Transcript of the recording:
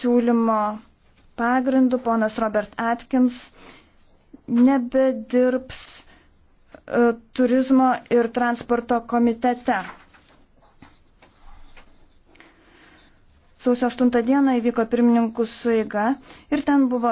siūlymo pagrindu ponas Robert Atkins nebedirbs e, turizmo ir transporto komitete. Sausio 8 dieną įvyko pirmininkų suiga ir ten buvo